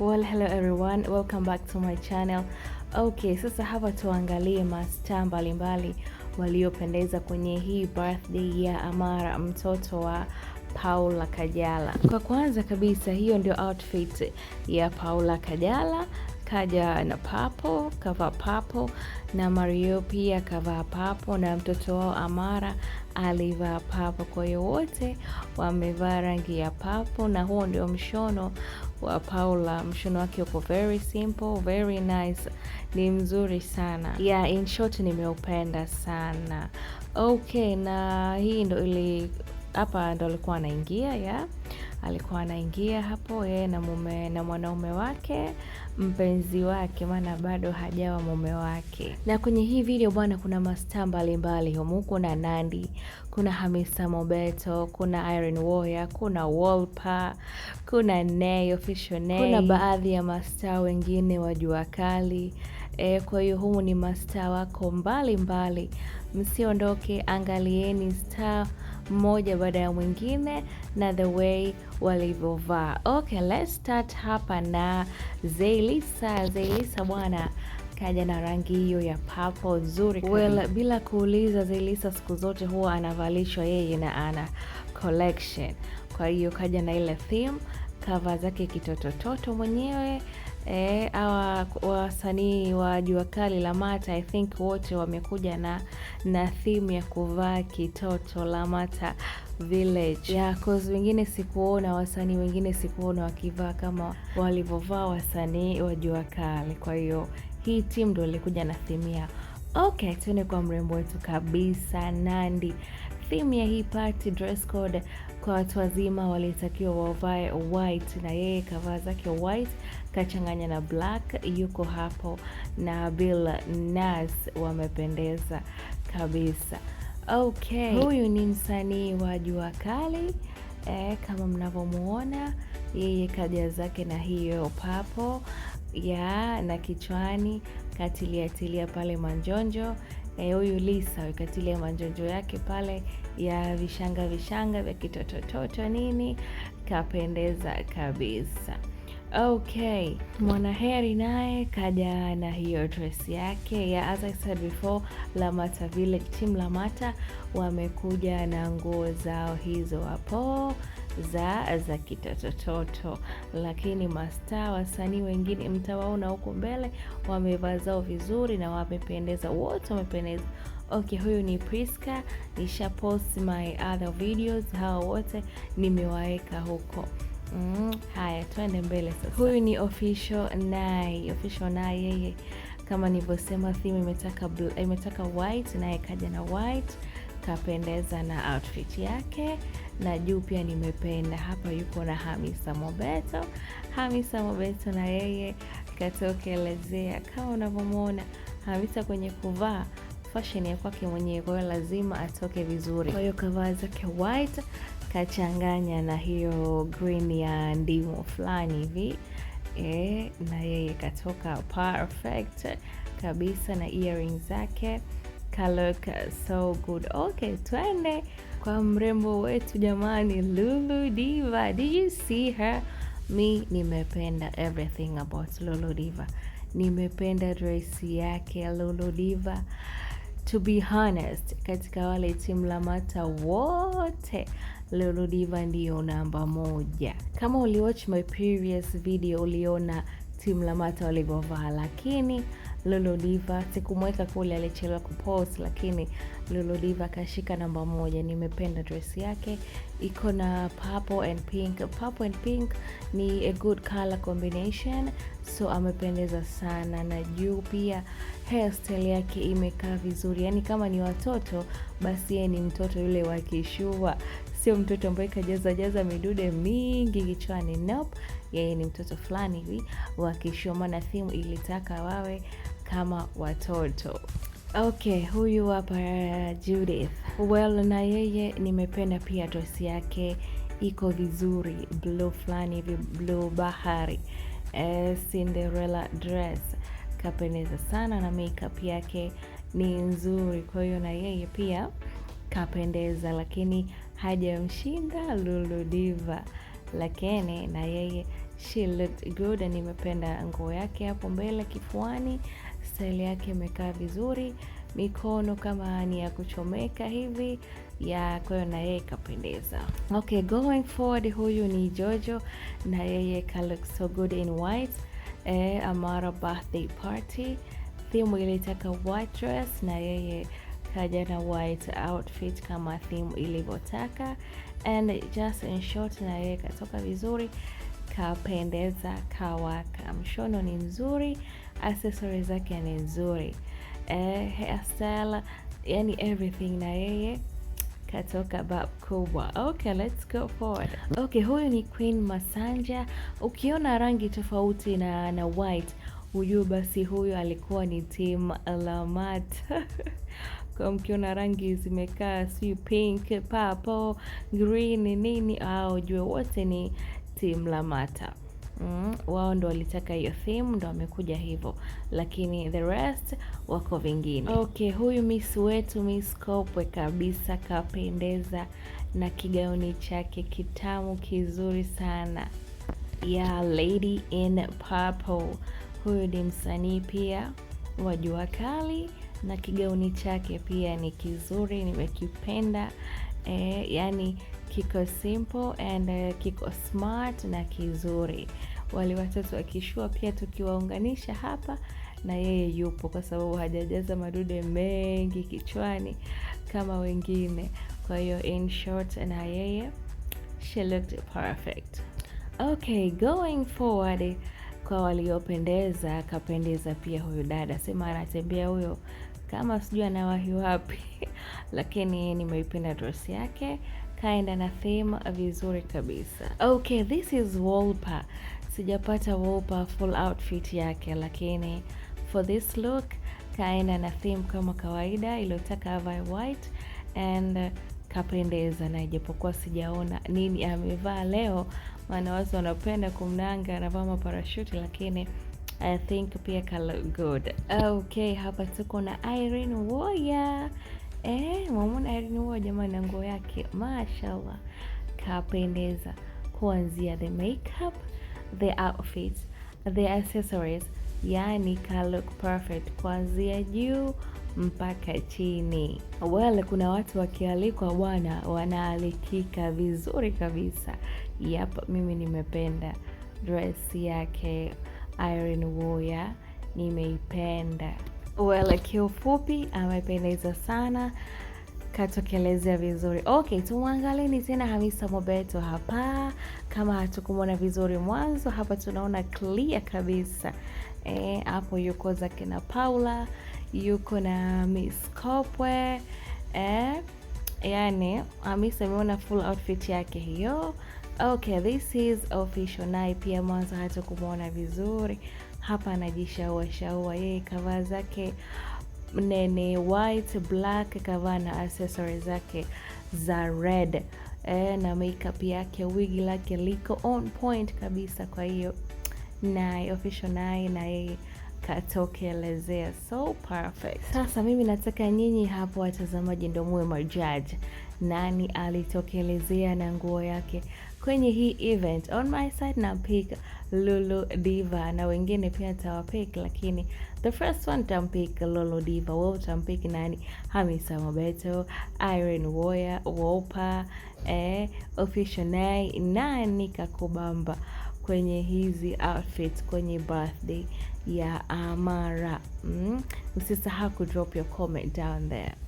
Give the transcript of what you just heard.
Well, hello everyone. Welcome back to my channel. Okay, sasa hapa tuangalie mastaa mbalimbali waliopendeza kwenye hii birthday ya Amara mtoto wa Paula Kajala. Kwa kwanza kabisa, hiyo ndio outfit ya Paula Kajala. Kaja na papo, kavaa papo na Mario pia kavaa papo na mtoto wao Amara alivaa papo. Kwa hiyo wote wamevaa rangi ya papo na huo ndio mshono wa Paula, mshono wake uko very simple, very nice, ni mzuri sana yeah, in short nimeupenda sana. Okay, na hii ndo ili hapa ndo alikuwa anaingia ya yeah alikuwa anaingia hapo yeye na mume na mwanaume wake mpenzi wake, maana bado hajawa mume wake. Na kwenye hii video bwana, kuna mastaa mbalimbali humu, kuna nandi kuna Hamisa Mobeto, kuna Iron Warrior, kuna Wolpa, kuna Nay Official Nay, kuna baadhi ya mastaa wengine wa jua kali. E, kwa hiyo humu ni mastaa wako mbalimbali Msiondoke, angalieni Star mmoja baada ya mwingine na the way walivyovaa. Okay, let's start hapa na Zailisa. Zailisa bwana kaja na rangi hiyo ya papo nzuri. Well, bila kuuliza Zailisa siku zote huwa anavalishwa yeye na ana collection, kwa hiyo kaja na ile theme, kava zake kitotototo mwenyewe eh, awa wasanii wa jua kali la Mata I think wote wamekuja na na theme ya kuvaa kitoto la Mata Village. Ya cause wengine sikuona, wasanii wengine sikuona wakivaa kama walivyovaa wasanii wa jua kali. Kwa hiyo hii timu ndio ilikuja na theme yao. Okay, tuende kwa mrembo wetu kabisa Nandy. Theme ya hii party dress code kwa watu wazima walitakiwa wavae white, na yeye kavaa zake white kachanganya na black. Yuko hapo na Bill Nas, wamependeza kabisa. Okay, huyu ni msanii wa jua kali e, kama mnavyomuona yeye kaja zake na hiyo papo ya na kichwani katiliatilia pale manjonjo huyu Lisa ikatilia ile manjonjo yake pale ya vishanga vishanga vya kitotototo nini, kapendeza kabisa. Okay, Mwanaheri naye kaja na hiyo dress yake ya as I said before, Lamata Village team Lamata wamekuja na nguo zao hizo hapo za za kitotototo, lakini mastaa wasanii wengine mtawaona huko mbele wamevaa zao vizuri na wamependeza, wote wamependeza. Okay, huyu ni Priska, nisha post my other videos, hawa wote nimewaweka huko. Mm, haya tuende mbele sasa. Huyu ni official Nai, official Nai yeye kama nilivyosema theme imetaka blue, imetaka white naye kaja na white kapendeza na outfit yake na juu pia nimependa. Hapa yupo na Hamisa Mobeto. Hamisa Mobeto na yeye katokelezea kama unavyomwona Hamisa kwenye kuvaa fashion ya kwake mwenyewe, kwa hiyo lazima atoke vizuri. Kwa hiyo kavaa zake white kachanganya na hiyo green ya ndimu fulani hivi e, na yeye katoka perfect kabisa na earring zake kaloka so good. Okay, twende kwa mrembo wetu jamani, Lulu Diva. Did you see her? Mi nimependa everything about Lulu Diva, nimependa dress yake Lulu Diva. To be honest, katika wale timu Lamata wote Lulu Diva ndiyo namba moja. Kama uliwatch my previous video, uliona timu Lamata walivyovaa, lakini Lulu Diva sikumweka kule, alichelewa kupost, lakini Lulodiva kashika namba moja. Nimependa dress yake, iko na purple and pink. Purple and pink ni a good color combination, so amependeza sana, na juu pia hairstyle yake imekaa vizuri, yaani kama ni watoto basi yeye ni mtoto yule wa kishua, sio mtoto ambaye kajaza jaza midude mingi kichwani. Nope, yeye ni mtoto fulani hivi wa kishua, maana theme ilitaka wawe kama watoto. Okay, huyu hapa Judith. Well, na yeye nimependa pia tosi yake iko vizuri, blue fulani hivi, blue bahari. E, Cinderella dress kapendeza sana na makeup yake ni nzuri, kwa hiyo na yeye pia kapendeza, lakini hajamshinda Lulu Diva, lakini na yeye she looked good. Nimependa nguo yake hapo mbele kifuani style yake imekaa vizuri, mikono kama ni ya kuchomeka hivi ya kwayo na yeye kapendeza. Okay, going forward, huyu ni Jojo na yeye ka look so good in white. Eh, Amara birthday party theme ilitaka white dress na yeye kaja na white outfit kama theme ilivyotaka, and just in short, na yeye katoka vizuri, kapendeza, kawaka, mshono ni mzuri accessories zake ni nzuri eh, hairstyle, yani everything na yeye katoka bab kubwa. Okay, let's go forward. Okay, huyu ni Queen Masanja. Ukiona rangi tofauti na na white huyu basi huyu alikuwa ni team Lamat. Kwa mkiona rangi zimekaa si pink, purple, green nini, au jue wote ni team Lamata mm, wao ndo walitaka hiyo theme ndo wamekuja hivyo, lakini the rest wako vingine. Okay, huyu miss wetu Miss Kopwe kabisa kapendeza na kigauni chake kitamu kizuri sana ya yeah, Lady in Purple. Huyu ni msanii pia wa jua kali na kigauni chake pia ni kizuri, nimekipenda eh, yani kiko simple and uh, kiko smart na kizuri. Wale watatu wakishua pia tukiwaunganisha hapa na yeye yupo, kwa sababu hajajaza madude mengi kichwani kama wengine. Kwa hiyo in short, na yeye she looked perfect. Okay, going forward kwa waliopendeza, akapendeza pia huyu dada, sema anatembea huyo kama sijui anawahi wapi lakini nimeipenda dress yake, kaenda na theme vizuri kabisa. Okay, this is Wolpa. Sijapata Wolpa full outfit yake, lakini for this look kaenda na theme kama kawaida iliyotaka avae white and uh, kapendeza, na ijapokuwa sijaona nini amevaa leo, maana watu wanapenda kumnanga anavaa maparashuti, lakini I think pia kalo good. Okay, hapa tuko na Irene Uwoya Eh, mwamuona alinunua jamani na nguo yake mashallah, kapendeza kuanzia the makeup, the outfits, the accessories, yani ka look perfect kuanzia juu mpaka chini. Wale kuna watu wakialikwa bwana, wanaalikika vizuri kabisa. Yap, mimi nimependa dress yake iron Uwoya, nimeipenda. Well, kiufupi amependeza sana, katokelezea vizuri. Okay, tumwangalini tena Hamisa Mobeto hapa, kama hatukumwona vizuri mwanzo, hapa tunaona clear kabisa e, hapo. E, yuko zake na Paula, yuko na Miss Kopwe e, yani Hamisa ameona full outfit yake hiyo. Okay, this is official, naye pia mwanzo hatukumwona vizuri hapa anajishaua shaua, yeye kavaa zake nene white black, kavaa na accessory zake za red e, na makeup yake, wigi lake liko on point kabisa. Kwa hiyo naye official naye na yeye katokelezea so perfect. Sasa mimi nataka nyinyi hapo watazamaji ndio muwe majaji, nani alitokelezea na nguo yake kwenye hii event. On my side na pick Lulu Diva na wengine pia tawapick, lakini the first one tampick Lulu Diva. Wewe utampick nani? Hamisa Mobeto, Irene Warrior, Wopa, eh, Official Nai, nani kakubamba kwenye hizi outfit kwenye birthday ya Amara. Mm. Usisahau drop your comment down there.